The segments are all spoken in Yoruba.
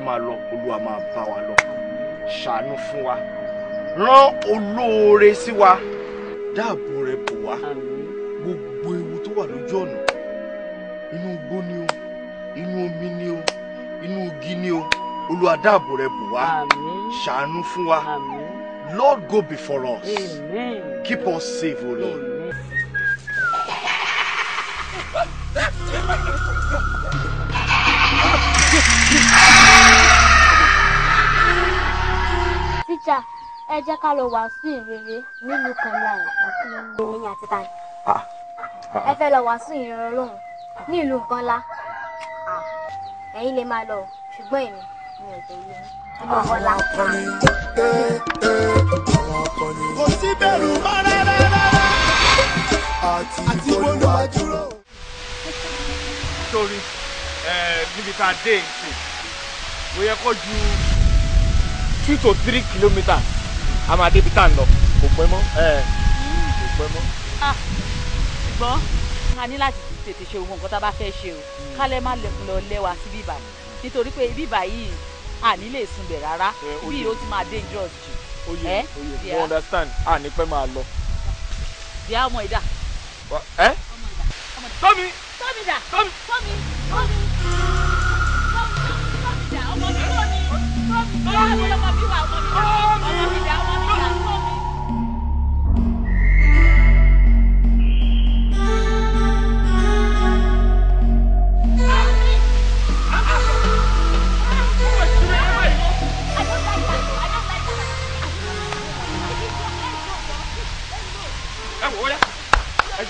máa lọ olúwa máa bá wa lọ ṣàánú fún wa rán olóore sí wa dáàbò rẹ bò wá gbogbo ewu tó wà lójú ọ̀nà inú igbó ni o inú omi ni o inú igi ni o olúwa dáàbò rẹ bò wá ṣàánú fún wa Lord go before us keep us safe o Lord. ẹ jẹ́ ká lọ wàásù ìrere nílùú kan láì ẹ̀yìn àti tani. Ah, ah. ẹ fẹ́ lọ wàásù ìrere ọlọ́run ní ìlú ah, ẹ̀yin lè máa lọ ṣùgbọ́n èmi mi ò tẹ̀lé ọmọ kò sí bẹ̀rù mọ́ rárá rárá àti olùwàdúró. nítorí níbi tá a dé ìsìn ó yẹ kó ju two to three kilometres a máa débi tá à ń lọ kò pẹ́ mọ́ kò pẹ́ mọ́. Ah, ṣùgbọ́n a ní láti tètè ṣe ohun nǹkan tá o hmm. kálẹ̀ má lẹ̀kùn lọ lẹ́wà sí bíbà yìí nítorí pé bíbà yìí a ní lè sunbẹ̀ rárá eh, bí o ti máa dangerous jù. oye eh? oye you understand a ní pẹ́ máa lọ. ìyá ọmọ ìdá. ẹ tọ́mi tọ́mi dà tọ́mi tọ́mi tọ́mi tọ́mi dà ọmọ mi tọ́mi tọ́mi dà ọmọ mi wà ọmọ mi dà ọmọ mi dà ọmọ mi.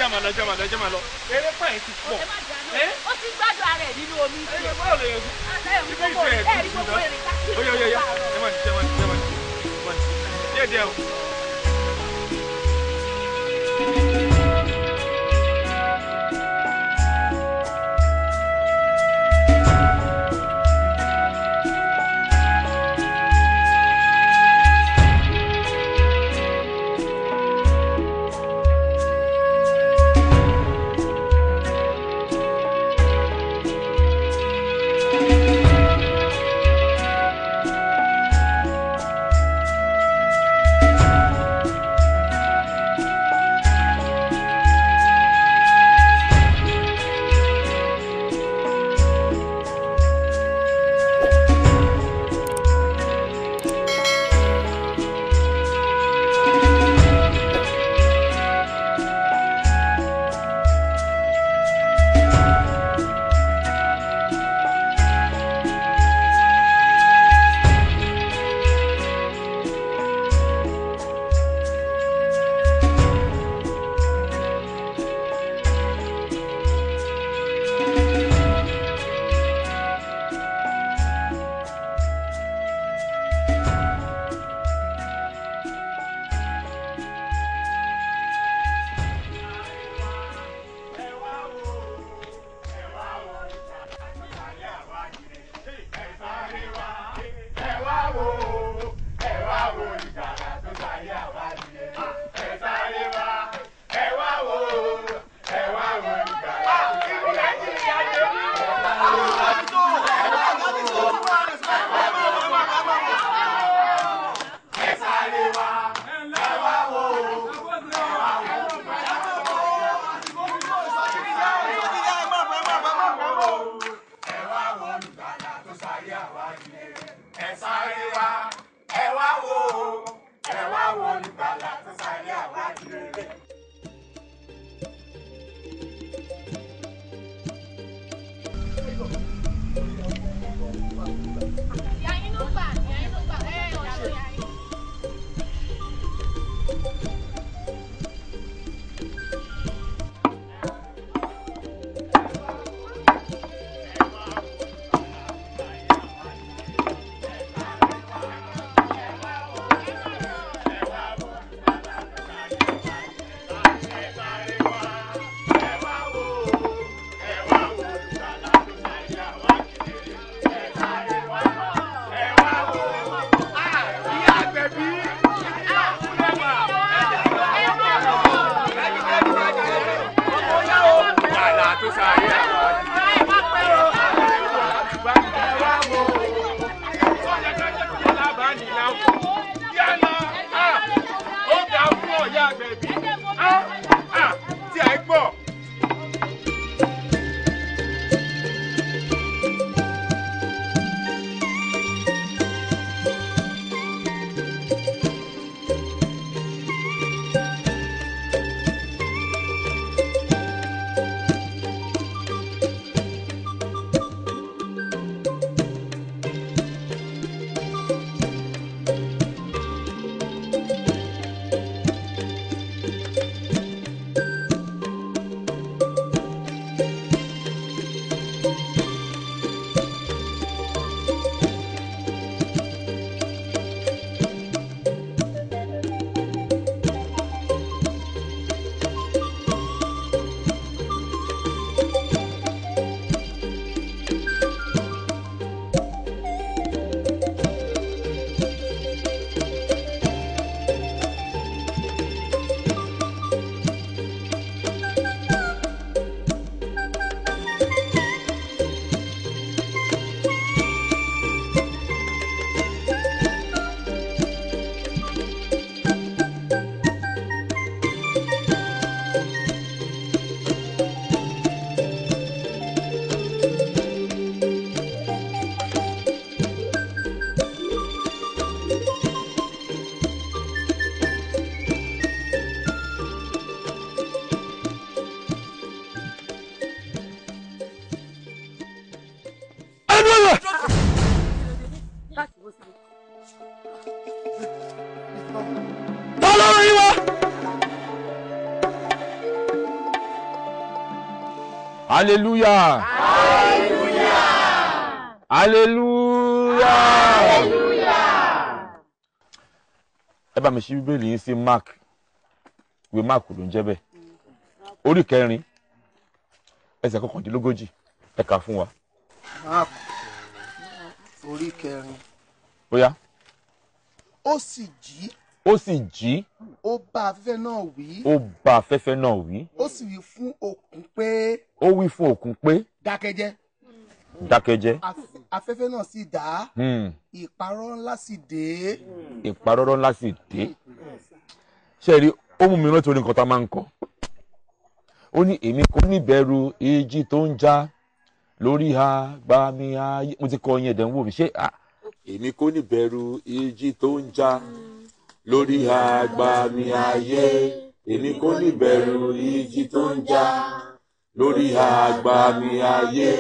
ẹja máa lọ ẹja máa lọ ẹja máa lọ eré pààyàn ti pọ̀. ó ti gbádùn ara ẹ̀ nínú omi. ẹ̀yìn bọ́ọ̀ lè yẹn. Ah, àtẹ̀yẹ̀mú gbogbo rẹ̀ ẹ̀rí gbogbo rẹ̀ káàkiri. ó yẹ ó yẹ yẹ ẹ máa ti ṣe ẹ máa ti ṣe ẹ máa ti ṣe díẹ̀ díẹ̀ o. yálà ah, ó dà fún Hallelujah. Hallelujah. Hallelujah. Hallelujah. Ẹ bá mi ṣí Bíbélì yín sí Mark. Ìwé Mark ló ń jẹ́ bẹ́ẹ̀. Orí kẹrin ẹsẹ̀ kọkàndínlógójì ẹ kà fún wa. Mark orí kẹrin. Bóyá. Ó sì jí. ó sì jí. ó bá afẹ́fẹ́ náà wí. ó bá afẹ́fẹ́ náà wí. ó sì wí fún òkun pé. ó wí fún pé. dákẹ́jẹ́. dákẹ́jẹ́. afẹ́fẹ́ náà sì dá. Hmm. ìparọ́rọ́ ńlá sì dé. ìparọ́rọ́ ńlá sì dé. ṣe rí ó mi rántí orin kan tá a máa ń kọ. ó ní èmi kò ní bẹ̀rù ìjì tó ń já lórí agbami ayé mo ti kọ ń wò mí ṣé. èmi kò ní ìjì lórí agbami ayé èmi kò ní bẹ̀rù ìjì tó ń jà lórí agbami ayé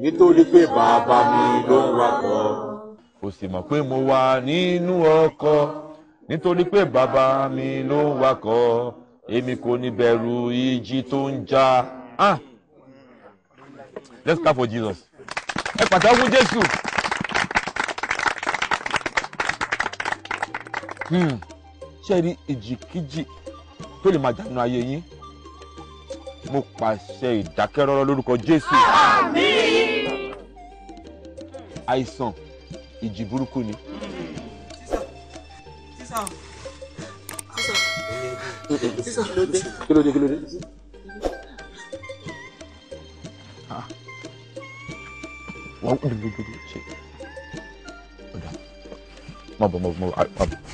nítorí pé bàbá mi ló ń wakọ̀. kò sì mọ̀ pé mo wà nínú ọkọ̀ nítorí pé bàbá mi ló ń wakọ̀ èmi kò ní bẹ̀rù ìjì tó ń jà. Ah! Let's clap for Jesus. ẹ pàtàkùn Jésù. ṣé ẹ rí èjìkíjì tó lè máa dànù ayé yín mo pàṣẹ ìdákẹ́rọ́rọ́ lórúkọ jésù. àìsàn ìjì burúkú ni. sísá sísá kí ló dé kí ló dé. wọ́n ń gbèdúgbèdú ṣe. mo bọ̀ mo bọ̀ mo bọ̀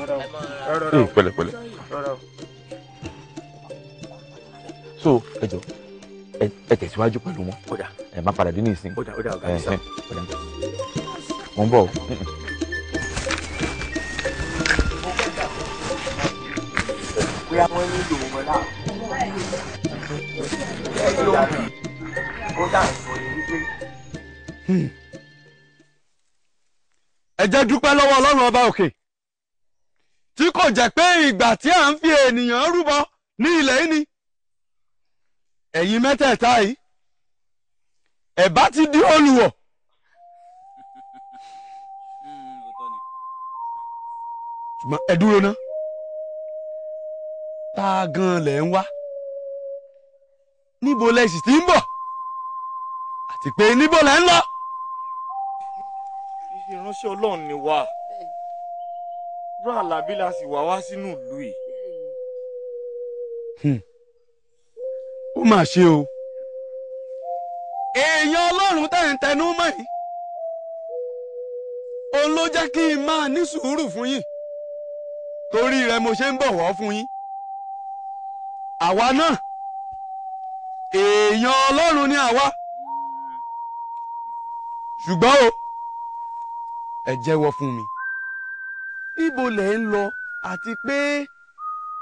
ee pẹ̀lẹ́pẹ̀lẹ́ so ẹ jọ ẹ tẹ̀síwájú pẹ̀lú wọn ẹ má padà dé ní ìsìn mo ń bọ̀ o. bóyá wọ́n ní ìlò wọn náà. ẹ jẹ́ dúpẹ́ lọ́wọ́ ọlọ́run ọba òkè. Okay kò jẹ́ pé ìgbà tí à ń fi ènìyàn rúbọ ní ilẹ̀ yìí ni ẹ̀yin mẹ́tẹ̀ẹ̀ta yìí ẹ bá ti di olùwọ̀. ṣùgbọ́n ẹ dúró ná tá a gan lẹ̀ ń wá níbo lẹ sì ti ń bọ̀ àti pé níbo lẹ ń lọ. ìránṣẹ́ ọlọ́run ni wà á irú àlàbí la sì wá wá sínú ìlú yìí. Hmm. ó mà ṣe o. èèyàn ọlọ́run tẹ̀ ń tẹnu mọ́ yìí òun ló jẹ́ kí n máa ní sùúrù fún yín torí rẹ̀ mo ṣe ń bọ̀wọ̀ fún yín. àwa náà èèyàn ọlọ́run ni àwa ṣùgbọ́n o ẹ jẹ́wọ́ fún mi níbo lẹ̀ ń lọ àti pé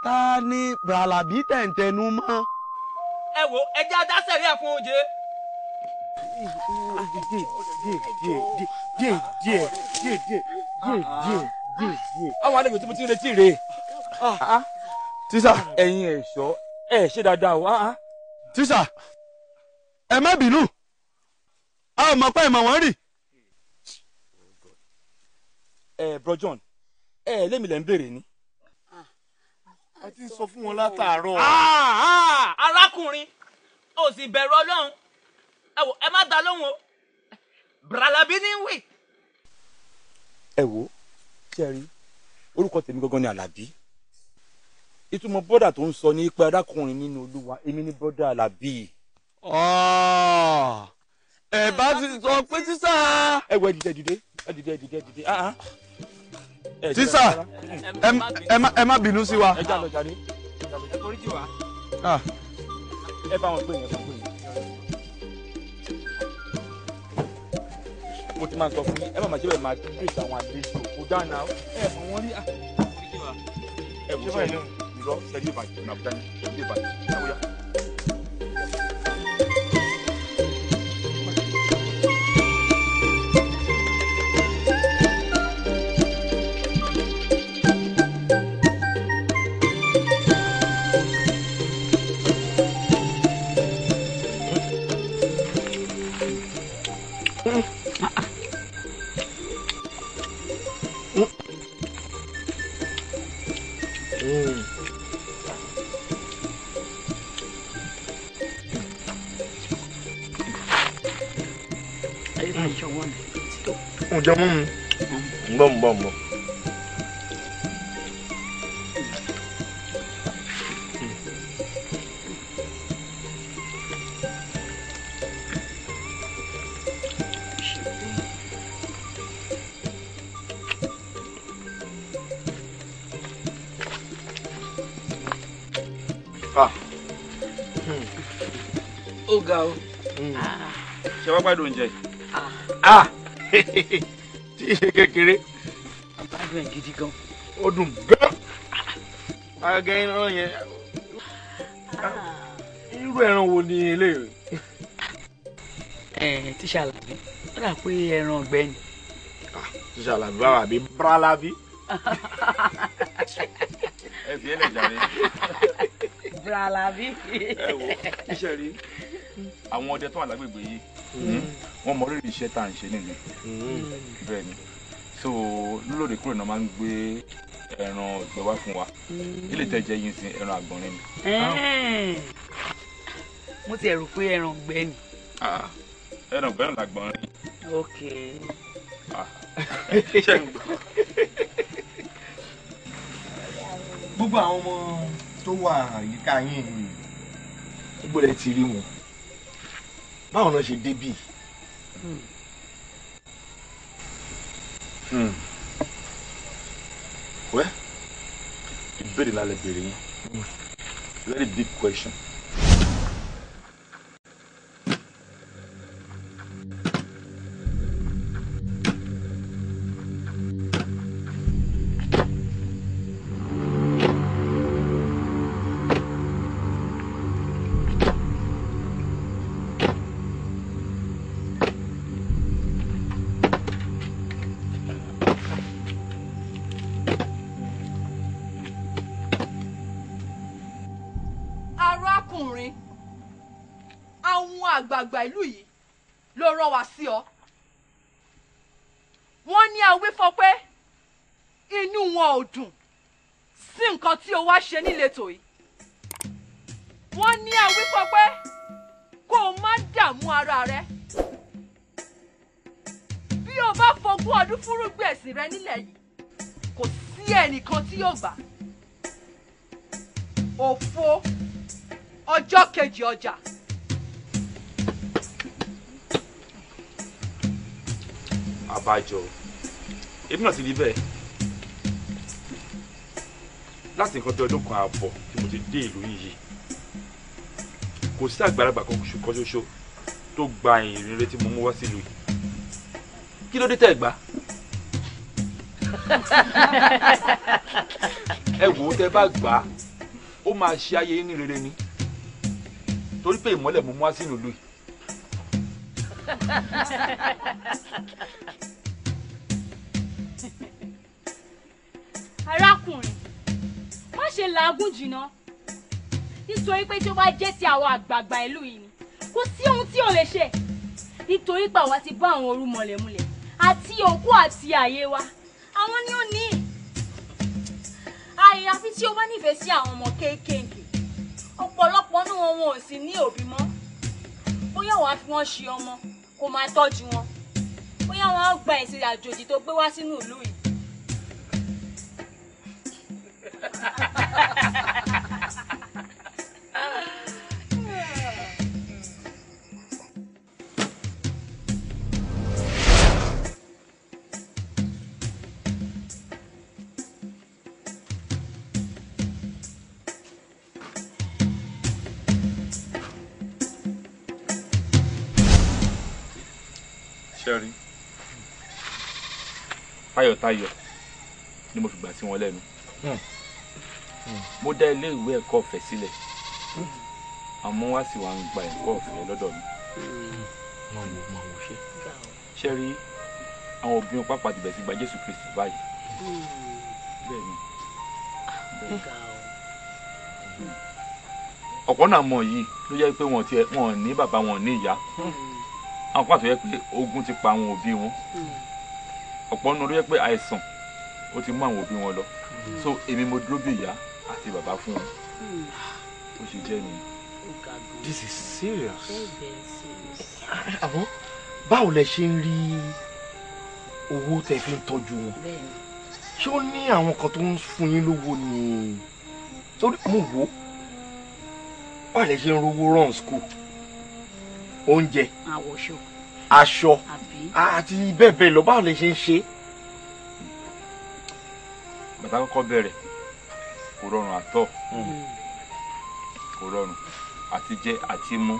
ta ni bralabi tẹ̀ǹtẹ̀nu mọ́. ẹ wo ẹ jẹ́ adásẹ̀rí ẹ̀ fún oje. àwọn àlejò tí mo ti ń retí rèé. Ah, ah. tíṣà ẹ̀yin ẹ̀ṣọ́ ẹ̀ ṣe dáadáa o. Ah, tíṣà ẹ má bínú a ò mọ̀ pé ìmọ̀ wọ́n rì. ẹ eh, bro John ẹ ẹ lémi lẹ ń béèrè ni. a ti ń sọ fún wọn látàárọ̀. Ah, ah, arákùnrin ò sì bẹ̀rù ọlọ́run ẹ wò ẹ má dá lóhùn o bralabi ní wì. ẹ wo ṣe rí orúkọ tèmi gangan ni alábí ìtumọ̀ bọ́dà tó ń sọ ní pé arákùnrin nínú olúwa èmi ní bọ́dà alábí. Ah, ẹ bá ti sọ pé sísá. ẹ wọ ẹ dìde ẹ dìde ẹ dìde ẹ dìde ẹ dìde sísà ẹ má bínú sí wa. Ah. mo ti máa sọ fún yín ẹ má máa ṣe bẹ́ẹ̀ máa tírèsì àwọn àdéhùn kò dáná ẹ mọ wọn rí ah. ẹ wò ó sọ yìí irọ́ sẹ́yìn ìbàjẹ́ ọ̀nà àbújá ní ìbàjẹ́ ìyàwó yá. jamu mbọ mbọ mbọ. ó ga o. Hmm. Ah. ṣé wàá gbádùn Ah. yìí. Ah tí ì ṣe kékeré. àbájọ ẹ̀ gidi gan. ó dùn gan. agẹ iná yẹn ah. irú ẹran wo ni eléyìí. ẹ eh, tíṣà làbí ó dà pé ẹran ọ̀gbẹ́ ni. Ah, tíṣà làbí báwa àbí bra làbí. ẹ fi ẹlẹ jàre. bra làbí. ẹ wo iṣẹ́ rí àwọn ọdẹ tó wà lágbègbè yìí. Hmm wọ́n mọ rírì iṣẹ́ tá à ń ṣe nílùú mm. bẹ́ẹ̀ ni so lólòdìkúrò náà máa ń gbé ẹran ọ̀gbẹ́ wá fún wa ilé mm. tẹ́jẹ́ yín sin ẹran àgbọ̀nrín ni. mo ti rò pé ẹran ọ̀gbẹ́ ni. Ah, ẹran ọ̀gbẹ́ náà làgbọ̀nrín. ok. Ah. gbogbo àwọn ọmọ tó wà àyíká yín gbogbo ẹ ti rí wọn báwọn náà ṣe débìí. Hmm. ìbéèrè ńlá lè béèrè yẹn very big question. àwọn àgbààgbà ìlú yìí ló rán wa sí ọ wọ́n ní awífọ́ pé inú wọn ò dùn sí nǹkan tí o wá ṣe níletò yìí wọ́n ní awífọ́ pé kó o má dààmú ara rẹ bí o bá fogún ọdún fúrúgbìn rẹ nílẹ̀ yìí kò sí ẹnìkan tí yóò gbà òfo ọjọ́ kejì ọjà. àbájọ èmi náà ti rí bẹ́ẹ̀ láti nǹkan bí ọdún kan ààbọ̀ tí mo ti dé ìlú yìí kò sí àgbàlagbà kan ṣoṣo tó gba ìrìn rere tí mo mú wá sílùú yìí kí ló dé tẹ̀ gbà ẹ wò ó tẹ bá gbà á ó máa ṣe ayé ní rere ni torí pé ìmọ́lẹ̀ mo mú wá sínú ìlú yìí arákùnrin má ṣe làágùn jìnnà nítorí pé tí ó bá jẹ́ ti àwọn àgbààgbà ìlú yìí ni kò sí ohun tí ò lè ṣe nítorí pé àwa ti bá àwọn òru mọ̀lẹ́múlẹ̀ àti òkú àti àyè wa àwọn ni ó ní àyàfi tí ó bá nífẹ̀ẹ́ sí àwọn ọmọ kéékèèké ọ̀pọ̀lọpọ̀ nínú wọn ò sì ní òbí mọ́ bóyá wàá fi wọ́n ṣe ọmọ kó máa tọ́jú wọn bóyá wọn á gba ẹ̀sìn àjòjì tó gbé wá sínú ìlú yìí. tayọ̀tayọ̀ ni mo fi gbà sí wọn lẹ́nu hmm. mo dá ilé ìwé ẹ̀kọ́ ọ̀fẹ́ sílẹ̀ àmọ́ wá sì wá ń gba ẹ̀kọ́ ọ̀fẹ́ lọ́dọ̀ mi. Hmm. ṣé rí àwọn òbí wọn pàápàá ti bẹ̀rẹ̀ sí gba Jésù Kristi báyìí bẹ́ẹ̀ ni ọ̀pọ̀ náà mọ̀ yìí ló jẹ́ pé wọn ò ní bàbá wọn ò ní ìyá hmm. àwọn pàtó yẹ pé ogun ti pa àwọn òbí wọn. Mm ọ̀pọ̀ nínú ló yẹ pé àìsàn ó ti mú àwọn òbí wọn lọ hmm. so èmi mo dúró bí ìyá àti bàbá fún wọn hmm. ó ṣe jẹ́ mi. this is serious. àmọ́ báwo lẹ ṣe ń rí owó tẹ fi ń tọ́jú wọn ṣé ó ní àwọn kan tó ń fún yín lówó ni torí mo wò ó báwo lẹ ṣe ń rówó run school oúnjẹ. àwọ̀ṣọ́ aṣọ àti bẹ́ẹ̀ bẹ́ẹ̀ lọ báwo lè ṣe ń ṣe. bàtà kọ́kọ́ bẹ̀rẹ̀ kò rọrùn àtọ̀ hmm. hmm. kò rọrùn àti jẹ àti mu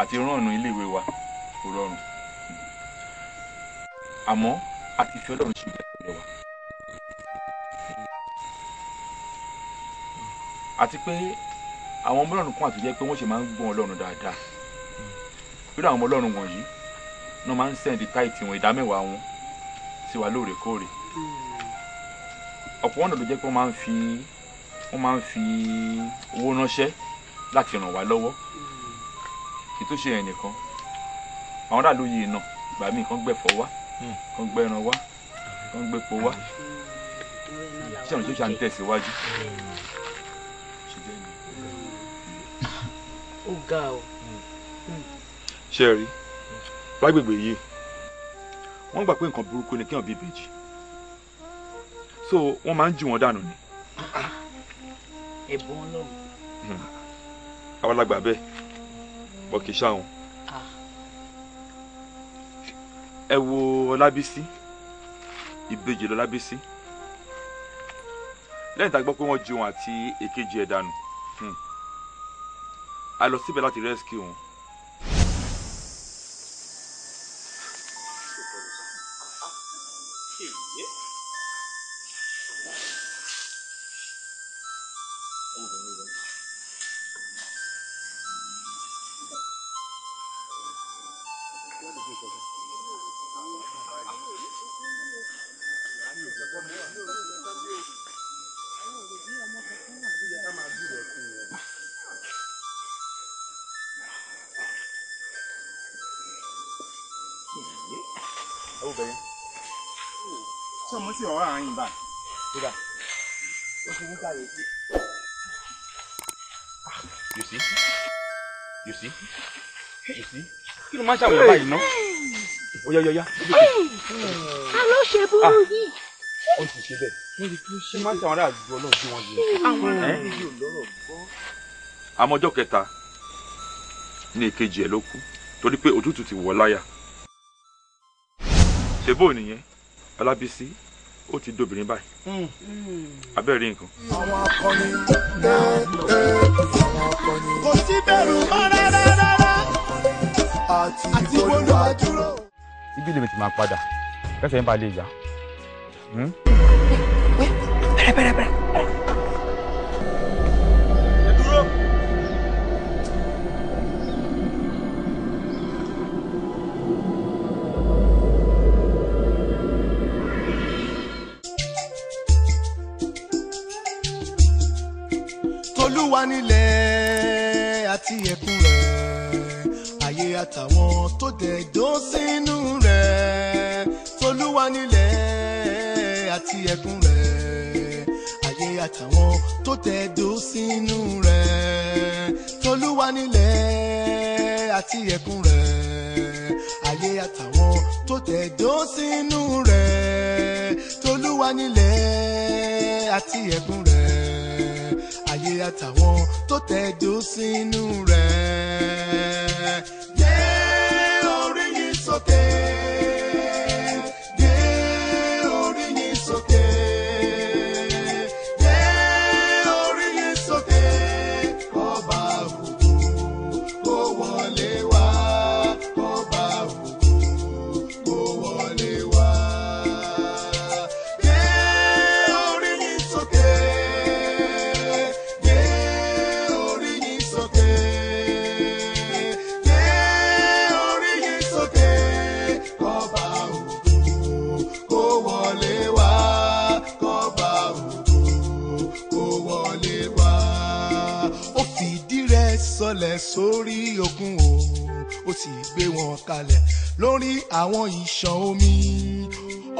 àti rànnù iléèwé wa kò rọrùn àmọ́ àti fi ọlọ́run ṣe ìjẹ́pẹ̀lẹ̀ wa. àti pé àwọn ọmọ ọlọ́run kan àti jẹ́ pé wọ́n ṣe máa ń gbọ́n ọlọ́run dáadáa nínú àwọn ọmọ ọlọ́run wọ̀nyí náà máa ń sẹ́ndì táìtì wọn ìdá mẹ́wàá wọn sí wa lóòrèkóòrè ọ̀pọ̀ wọn náà ló jẹ́ pé wọ́n máa ń fi wọ́n máa ń fi owó ránṣẹ́ láti ràn wá lọ́wọ́ kì í tó ṣe yẹn nìkan àwọn aráàlú yìí náà ìgbà míì kan gbẹ̀fọ́ wá hmm. kan gbẹran wá kan gbẹ̀pọ̀ wá ṣé àwọn ìṣòṣà ń tẹ̀síwájú. ó ga ọ. ṣé ẹ rí i lágbègbè yìí wọ́n gbà pé nǹkan burúkú ni kéèyàn bí ìbejì so wọ́n máa ń jù wọ́n dànù ni. ẹ̀bùn ọlọ́run. Hmm. àwọn alágbà bẹ́ẹ̀ bọ́ kì í ṣáwọn. Ah. ẹ wo ọlábísí ìbejì lọlábísí lẹ́yìn tá a gbọ́ pé wọ́n jù wọn àti èkejì ẹ̀ dànù hmm. a lọ síbẹ̀ láti rẹ́síkì wọn you see you see you see kí ló máa ń ṣàwòrán báyìí ná oya oya oya ojú kò. a ló ṣe burú ah! yìí. ó ti ṣe bẹ́ẹ̀ ṣé máa ń ṣàwọn ará àjò ọlọ́run bí wọ́n yẹ. àwọn ará àjò lọ́rọ̀ gbọ́. àmọ́ ọjọ́ kẹta ní èkejì ẹ̀ ló kú torí pé òtútù ti wọ̀ láyà. ṣèbó nìyẹn Ọlábísí ó ti dobìnrin báyìí hmm. abẹ́rẹ́ nǹkan. àwọn akọni kò sí bẹ̀rù mọ́ rárá rárá àti olúwa dúró. ibi lèmi ti máa padà kẹsẹ̀ yín bá lè yá. bẹ̀rẹ̀ bẹ̀rẹ̀ bẹ̀rẹ̀. tẹ̀dó sínú rẹ̀ tolúwa nílẹ̀ àti ẹ̀kún rẹ̀ ayé àtàwọn tó tẹ̀dó sínú rẹ̀ tolúwa nílẹ̀ àti ẹ̀kún rẹ̀ ayé àtàwọn tó tẹ̀dó sínú rẹ̀ tolúwa nílẹ̀ àti ẹ̀kún rẹ̀ ayé àtàwọn tó tẹ̀dó sínú rẹ̀. te lórí òkun o ó sì gbé wọn kalẹ̀ lórí àwọn ìṣàn omi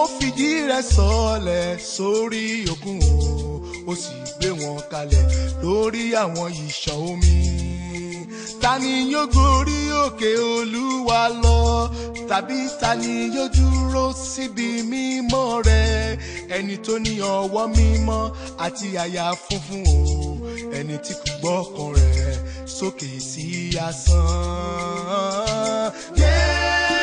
ó fìdí rẹ̀ sọlẹ̀ sórí òkun o ó sì gbé wọn kalẹ̀ lórí àwọn ìṣàn omi ta ni yóò gorí òkè olúwa lọ tàbí ta ni yóò dúró síbi mímọ́ rẹ̀ ẹni tó ní ọwọ́ mímọ́ àti àyà funfun o ẹni tí kò gbọ́kàn rẹ̀. sókè sí asán. Yeah.